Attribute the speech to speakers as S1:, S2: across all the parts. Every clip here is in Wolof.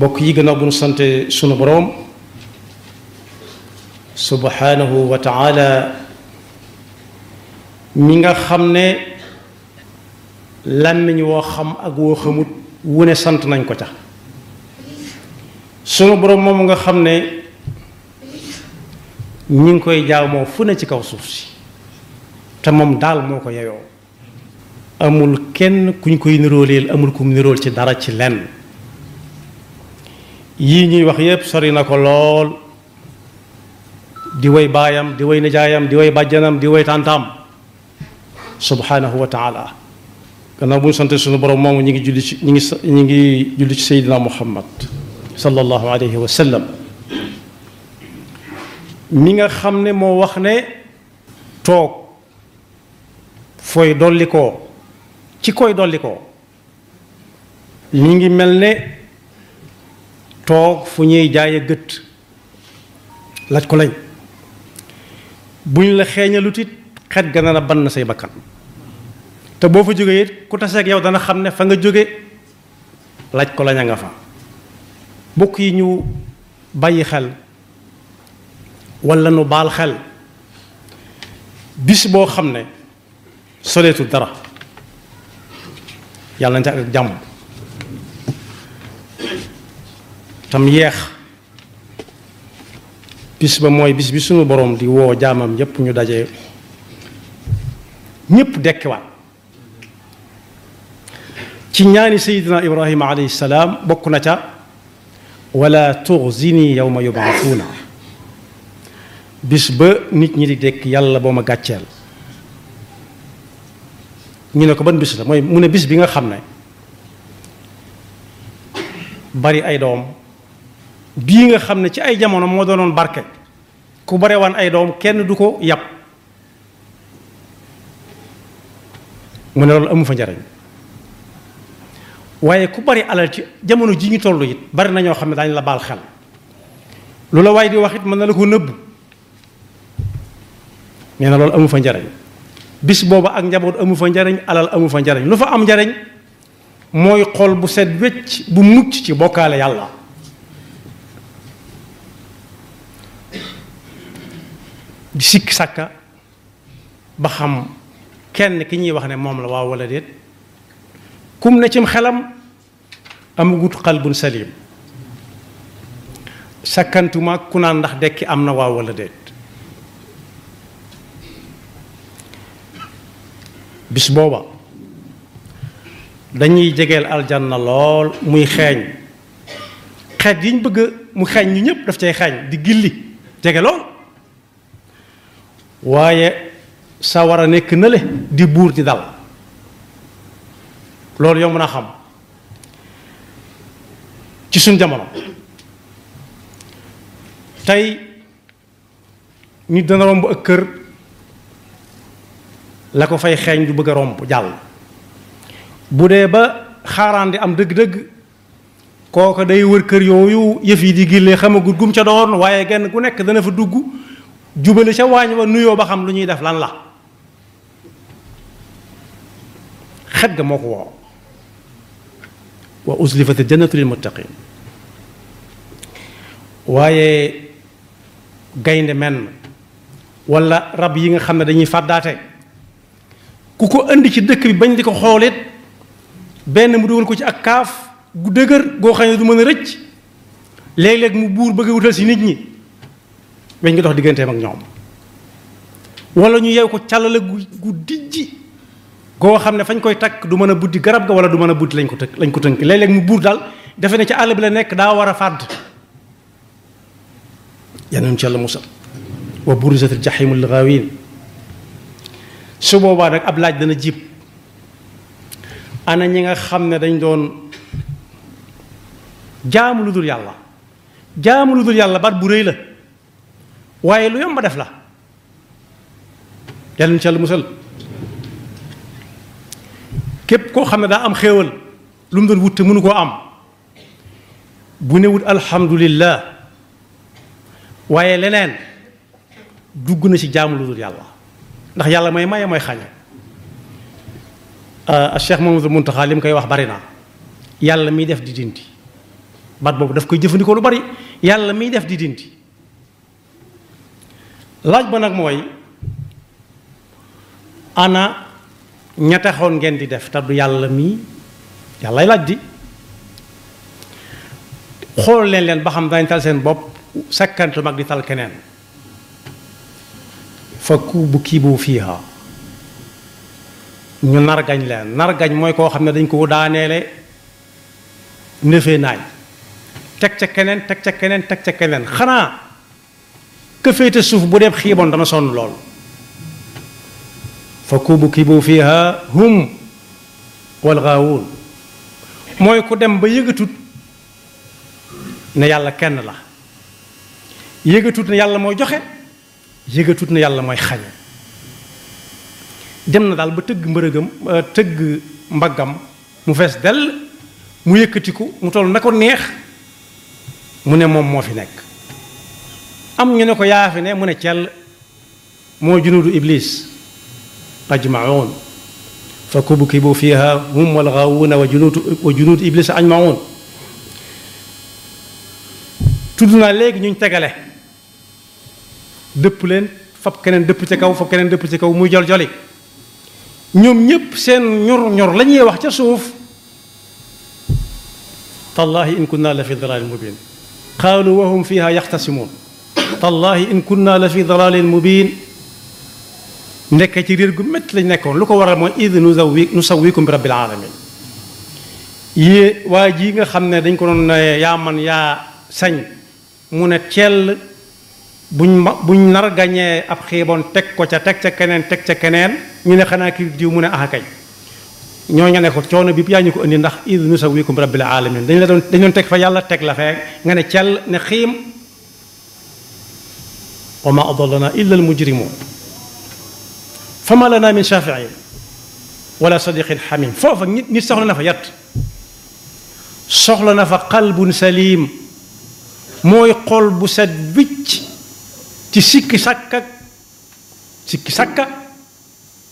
S1: bokk yi gannaaw bu nu sante sunu boroom subhanahu wa taala ñi nga xam ne lan làmmiñ woo xam ak woo xamut wu ne sant nañ ko ca sunu boroom moom nga xam ne ñi ngi koy jaamoo fu ne ci kaw suuf si te moom daal moo ko yeyoo amul kenn kuñ koy nirooleel amul kum nirool ci dara ci lenn yii ñuy wax yépp sori na ko lool di way baayam di way nijaayam di way bàjjanam di way tàntaam subhanahu wa taala gannaaw bu ñu sante suñu borom moomu ñu ngi julli ci ñi ngi ñi ngi julli ci seydina muhammad sallallahu alayhi wa sallam mi nga xam ne moo wax ne toog fooy dollikoo ci koy dollikoo mi ngi mel ne toog fu ñuy jaaye gët laaj ko lañ buñ la xeeñalut it xet ga dana ban say bakkan te boo fa jógee it ku taseeg yow dana xam ne fa nga jóge laaj ko lañ a nga fa mbokk yi ñu bàyyi xel walla nu baal xel bis boo xam ne soleetu dara yàlla nañ ak jàmm tam yeex bis ba mooy bis bi suñu boroom di woo jaamam yépp ñu daje ñépp dekkiwaat ci ñaani sayidina ibrahima alayhi salaam bokk na ca walla wala tuxzini yawma yubaasuuna bis ba nit ñi di dekk yàlla boo ma gàcceel ñu ne ko ban bis la mooy mu ne bis bi nga xam ne bari ay doom bii nga xam ne ci ay jamono moo doonoon barke ku bare waan ay doom kenn du ko yàpp mu ne loolu amu fa njariñ waaye ku bari alal ci jamono ji ñu toll it bari na ñoo xam ne daañu la baal xel lu la waaye di wax it mën na la ko nëbb nee na loolu amu fa njariñ bis booba ak njaboot amu fa njariñ alal amu fa njariñ lu fa am njariñ mooy xool bu set wecc bu mucc ci bokkaale yàlla di sikk sàkka ba xam kenn ki ñuy wax ne moom la waaw walla déet kum ne cim xelam amagut xalbun salim sakkantuma ku naan ndax dekki am na waaw walla déet bis booba dañuy jegeel aljanna lool muy xeeñ xeet yiñ bëgg mu xeeñ ñu ñëpp daf cay xeeñ di gilli jege lool waaye sa war a nekk nële di buur di dal loolu yow mën a xam ci suñ jamono tey ñu dana romb ak kër la ko fay xeeñ du bëgg a romb jàll bu dee ba xaaraan di am dëgg-dëgg kooka day wër kër yooyu yëf yi di gillee xamagul gum ca doon waaye genn ku nekk dana fa dugg jubale ca waañ wa nuyoo ba xam lu ñuy def lan la xet ga moo ko woo wa uslifati jannatu lil muttaqin waaye gaynde menn wala rab yi nga xam ne dañuy fàddaate ku ko indi ci dëkk bi bañ di ko xoolit benn mu dugal ko ci ak kaaf gu dëgër goo xam du mën a rëcc léeg-léeg mu buur bëgg wutal si nit ñi weñ nga dox digganteem ak ñoom wala ñu yew ko càllale gu gu dijji goo xam ne fañ koy takk du mën a buddi garab ga wala du mën a buddi lañ ko tënk lañ ko tënk léeg mu buur daal defe ne ci àll bi la nekk daa war a fàdd yanañ ci yàlla musal wa burizatil jaximu lil gaawin ab laaj dana jib ana ñi nga xam ne dañ doon jaamu lu dul yàlla jaamu lu dul yàlla baat bu rëy la waaye lu yomb def la yàlla na ci yàlla musal képp koo xam ne daa am xéewal lu mu doon wut te mënu koo am bu ne wut alhamdulillah waaye leneen dugg na ci jaamu lu dul yàlla ndax yàlla may maye mooy xañe a euh, Cheikh Mamadou Muntaxa li mu koy wax bari na yàlla miy def di dindi baat boobu daf koy jëfandikoo lu bari yàlla mii def di dindi laaj ba nag mooy ana ña taxoon ngeen di def te du yàlla mii yàllay laaj di xool leen leen ba xam dañ tal seen bopp sakkantu mag di tal keneen fa kuubu kiibu fiiha ñu nargañ leen nargañ mooy koo xam ne dañ ko daaneele nëfee naay teg ca keneen teg ca keneen teg ca keneen xanaa ka féete suuf bu dee xiiboon dama sonn lool fa kubukibu fiha hum wal gaawuun mooy ku dem ba yëgatut na yàlla kenn la yëgatut ne yàlla mooy joxe yëgatut na yàlla mooy xañe dem na daal ba tëgg mbërëgam euh, tëgg mbaggam mu fees dell mu yëkkatiku mu toll na ko neex mu ne moom moo fi nekk am ñu ne ko yaa ne mu ne cell moo junuudu iblis ajmaun fa kubkibu fiha hum walgaawuuna wa junuudu wa junuudu iblis ajmaun tudd naa léegi ñu tegale dëpp leen fa keneen dëpp ci kaw keneen dëpp ci kaw muy jol joli ñoom ñépp seen ñor ñor la ñuy wax ca suuf tallahi in kunna la fi dalaalin mubin qaalu wa hum fiha yaxtasimuun tallaahi in kunna la fi dalalin mubin nekk ci réer gu métti lañ nekkoon lu ko waral mooy id nu sawi nu sawikum bi rabbil alamin yée waa ji nga xam ne dañ ko doon ne yaa man yaa sañ mu ne cell buñ ma buñ nar gañee ab xiiboon teg ko ca teg ca keneen teg ca keneen ñu ne xanaa ki diw mu ne aha ñoo nga ne ko coono bi yaa ñu ko indi ndax id nu sawikum bi rabbil alamin dañ la doon teg fa yàlla teg la fee nga ne cell ne xiim wa ma adallana illa almujrimun fama lana min shafiin wala sadiqin xamim foofa nit nit soxla na fa yat soxla na fa qalbun salim mooy xol bu set wicc ci sikki sàkka sikki sàkka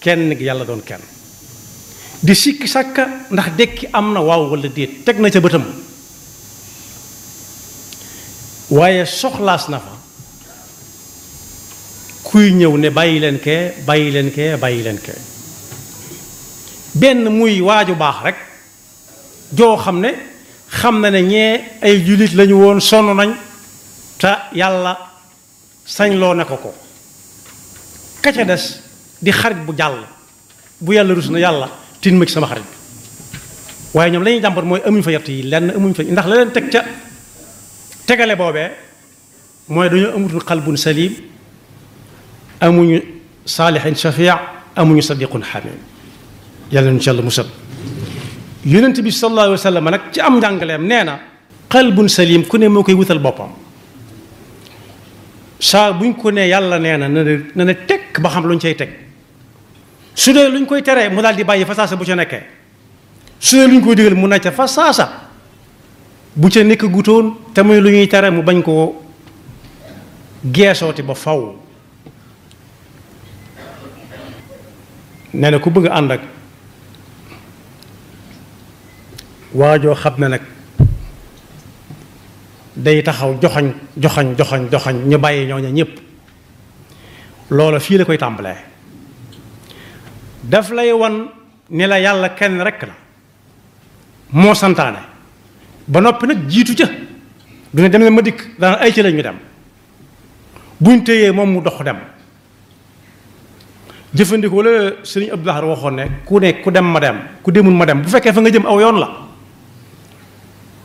S1: kenn yàlla doon kenn di sikki sàkka ndax dekki am na waaw wala déet teg na ca bëtam waaye soxlaas na fa kuy ñëw ne bàyyi leen kee bàyyi leen kee bàyyi leen kee benn muy waaju baax rek joo xam ne xam na ne ñee ay jullit lañu woon sonn nañ te yàlla sañ loo ne ko ko ka des di xarit bu jàll bu yàlla rus na yàlla tin ma ci sama xarit bi waaye ñoom lañuy jàmbat mooy amuñ fa yett yi lenn amuñ fa ndax la leen teg ca tegale boobee mooy dañoo amatul xalbun salim amuñu saalixin shafia amuñu sadiqun xamim yàlla nañu ci yàlla musal yonent bi sallallahu alayhi ci am njàngaleem nee na qalbun salim ku ne moo koy wutal boppam saa buñ ko ne yàlla nee na na ne tekk ba xam luñ cay teg su dee luñ koy teree mu daal di bàyyi fa saasa bu ca nekkee su dee luñ koy digal mu ne ca fa saasa bu ca nekk gutoon te muy lu ñuy tere mu bañ koo geesooti ba faw nee na ku bëgg ànd ak waajoo xam ne nag day taxaw joxoñ joxoñ joxoñ joxoñ ñu bàyyi ñooña ñëpp loola fii la koy tàmbalee daf lay wan ni la yàlla kenn rekk la moo santaane ba noppi nag jiitu ca du ne dem na ma dikk dana ay ci lañu dem buñ téyee moom mu dox dem jëfandikoo la sëriñ Abdou Lahad waxoon ne ku ne ku dem ma dem ku demul ma dem bu fekkee fa nga jëm aw yoon la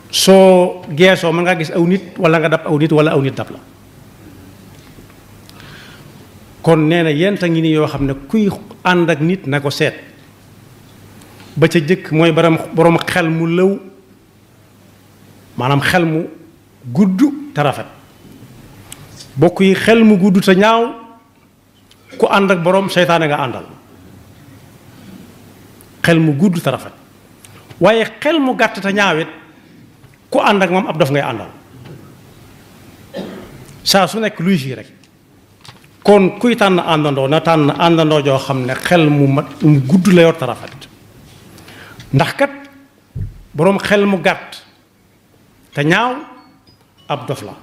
S1: soo geesoo mën nga gis aw nit wala nga dab aw nit wala aw nit dab la kon nee na a ngi ni yoo xam ne kuy ànd ak nit na ko seet ba ca jëkk mooy borom borom xel mu lëw maanaam xel mu gudd te rafet bokk yi xel mu gudd sa ñaaw ku ànd ak boroom seytaane nga àndal xel mu gudd te rafet waaye xel mu gàtt te ñaawit ku ànd ak moom ab dof ngay àndal saa su nekk luy fii rek kon kuy tànn àndandoo na tànn àndandoo joo xam ne xel mu mat mu gudd la yor te rafet ndax kat boroom xel mu gàtt te ñaaw ab dof la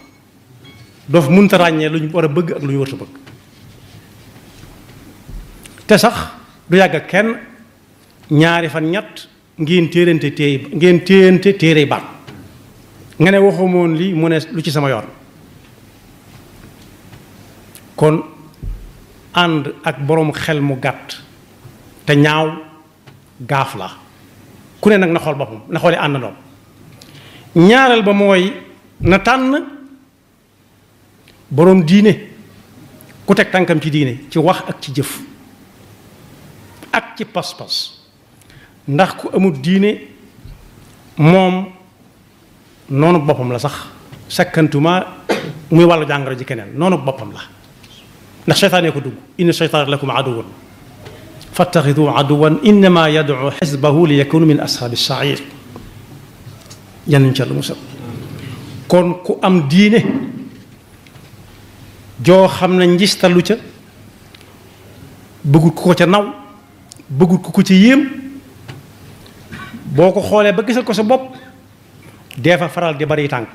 S1: dof mënta ràññee lu ñu war a bëgg ak lu ñu war a bëgg te sax du yàgg ak kenn ñaari fan ñett ngeen téerante téey ngeen téerante téere baat nga ne waxumoon lii mu ne lu ci sama yoon kon ànd ak boroomu xel mu gàtt te ñaaw gaaf la ku ne nag na xool boppam na xooli àndandoom ñaareel ba mooy na tànn boroom diine ku teg tànkam ci diine ci wax ak ci jëf ak ci pas-pas ndax ku amut diine moom noonu boppam la sax sakkantuma muy wàllu jàngoro ji keneen noonu boppam la ndax seytaane ko dugg inna seytaana lakum aduwan fattaxidu aduwan innama yadcu xisbahu li yakunu min ashaabi sair yanuñ ca lu kon ku am diine joo xam ne njistalu ca bëggut ku ko ca naw bëggut ku ko ci yéem boo ko xoolee ba gisal ko sa bopp dee fa faral di bari tànk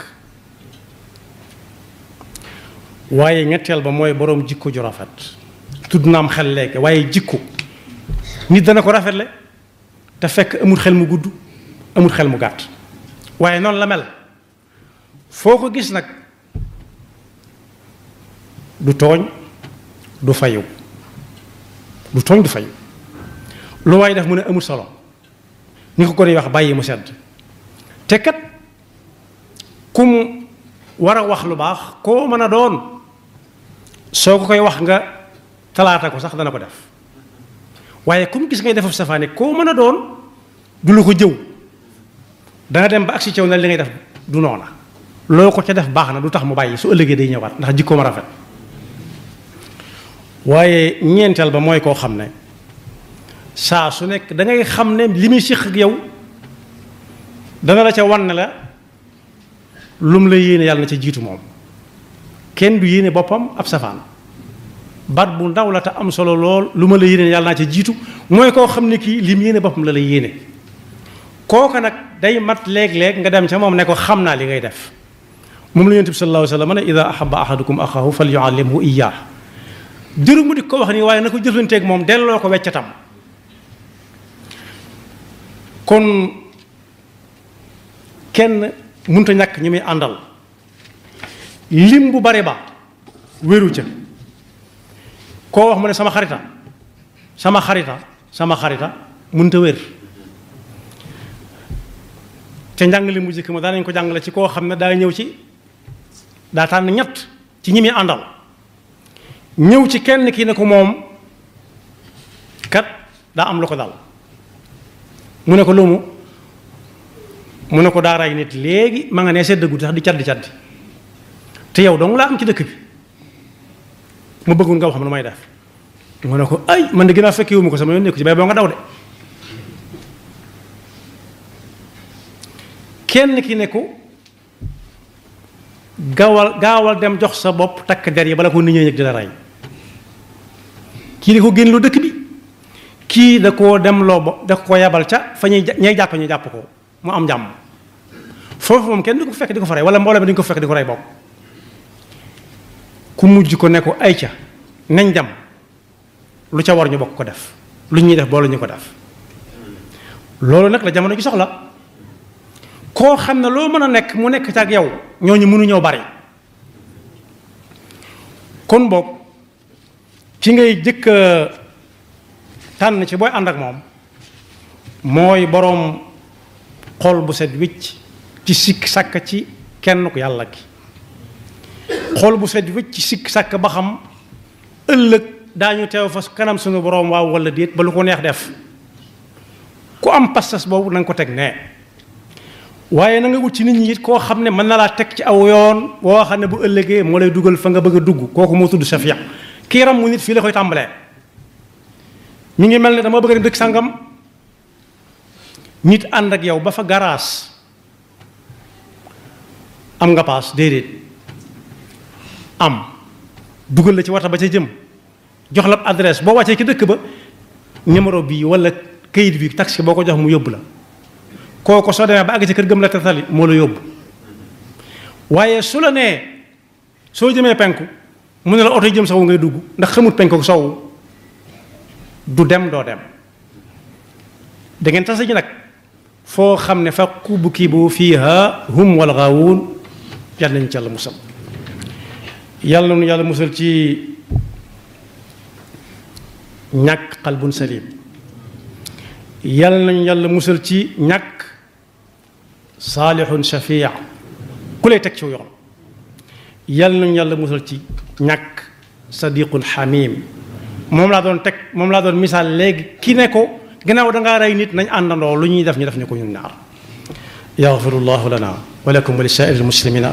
S1: waaye ñetteel ba mooy boroom jikko ju rafet tudd am xel léegi waaye jikko nit dana ko rafetle te fekk amul xel mu gudd amul xel mu gàtt waaye noonu la mel foo ko gis nag du tooñ du fayu du tooñ du fayu lu waay def mu ne amul solo ni ko ko di wax bàyyi mu sedd te kat kum war a wax lu baax koo mën a doon soo ko koy wax nga talaata ko sax dana ko def waaye kum gis ngay defaf safaane koo mën a doon du la ko jëw dana dem ba agsi caw na li ngay def du noona loo ko ca def baax na du tax mu bàyyi su ëllëgee day ñëwaat ndax jikkoom rafet waaye ñeenteel ba mooy koo xam ne saa su nekk dangay xam ne li muy siq ak yow dana la ca wan ne la lum la yéene yàlla na ca jiitu moom kenn du yéene boppam ab safaan bat bu ndaw la te am solo lool lu ma la yéene yàlla naa ca jiitu mooy koo xam ne kii lim yéene boppam la la yéene kooka nag day mat léeg-léeg nga dem ca moom ne ko xam naa li ngay def moom la yonent bi sallallahu alayhi wa sallam ne ida ahaba ahadukum axaahu fal yuallimhu iyaah mu di ko wax nii waaye na ko jëflanteeg moom delloo ko weccatam kon kenn munta ñàkk ñi muy àndal lim bu bare ba wéru ca koo wax ma ne sama xarita sama xarita sama xarita munta wér njàng njàngale bu jëkk ma daanañ ko jàngale ci koo xam ne daa ñëw ci daa tànn ñett ci ñi muy àndal ñëw ci kenn kii ne ko moom kat daa am la ko dal mu ne ko lu mu mu ne ko daa ray nit léegi ma nga ne sedd guddi tax di caddi caddi te yow dong laa am ci dëkk bi mu bëggoon nga wax ma nu may def mu ne ko ay man de gën a wu ma ko sama yoon nekku ci bay boo nga daw de kenn ki ne ko gaawal gaawal dem jox sa bopp takk der yi bala ko nit ñi yëg di la rey kii ne ko génn lu dëkk bi kii da koo dem loo ba da ko yabal ca fa ñuy ñay jàpp ñu jàpp ko mu am jàmm foofu moom kenn du ko fekk di ko fa rey wala mbooloo mi du ñu ko fekk di ko rey bopp ku mujj ko ne ko ay ca nañ dem lu ca war ñu bokk ko def lu ñuy def boole ñu ko def loolu nag la jamono ji soxla koo xam ne loo mën a nekk mu nekk ca ak yow ñoo ñu mënu ñëw bari kon boog ki ngay jëkk tànn ci booy ànd ak moom mooy boroom xol bu set wicc ci sikk sàkk ci kenn ku yàlla ki xol bu set wicc ci sikk sàkk ba xam ëllëg daañu teew fa kanam suñu boroom waaw walla déet ba lu ko neex def ku am pastas boobu na nga ko teg nee waaye na nga wut ci nit ñi it koo xam ne mën na laa teg ci aw yoon woo xam ne bu ëllëgee moo lay dugal fa nga bëgg a dugg kooku moo tudd safiya kiiram mu nit fii la koy tàmbalee mi ngi mel ni dama bëgg a dem dëkk sàngam nit ànd ak yow ba fa garaas am nga paas déedéet am dugal la ci wata ba ca jëm jox la adresse boo wàccee ci dëkk ba numéro bii wala kayit bi taxi boo ko jox mu yóbbu la kooku soo demee ba àgg ci kër gëm la tatali moo la yóbbu waaye su la nee soo jëmee penku mu ne la oto yi jëm sawu ngay dugg ndax xamut penku sowu du dem doo dem da ngeen tase ji nag foo xam ne fa kubkibu fiiha hum wal gaawuun yàlla nañu ci yàlla musal yàlla yàlla musal ci ñàkk xalbun salim yàlla nañu yàlla musal ci ñàkk saalihun shafia ku lay teg ci yoon yàlla nañu yàlla musal ci ñàkk sadiqun xamim moom laa doon teg moom laa doon misaal léegi ki ne ko gannaaw dangaa rey nit nañ àndandoo lu ñuy def ñu def ñu ko ñun ñaar yaxfirullahu lana wa lakum wa li saa'iril muslimina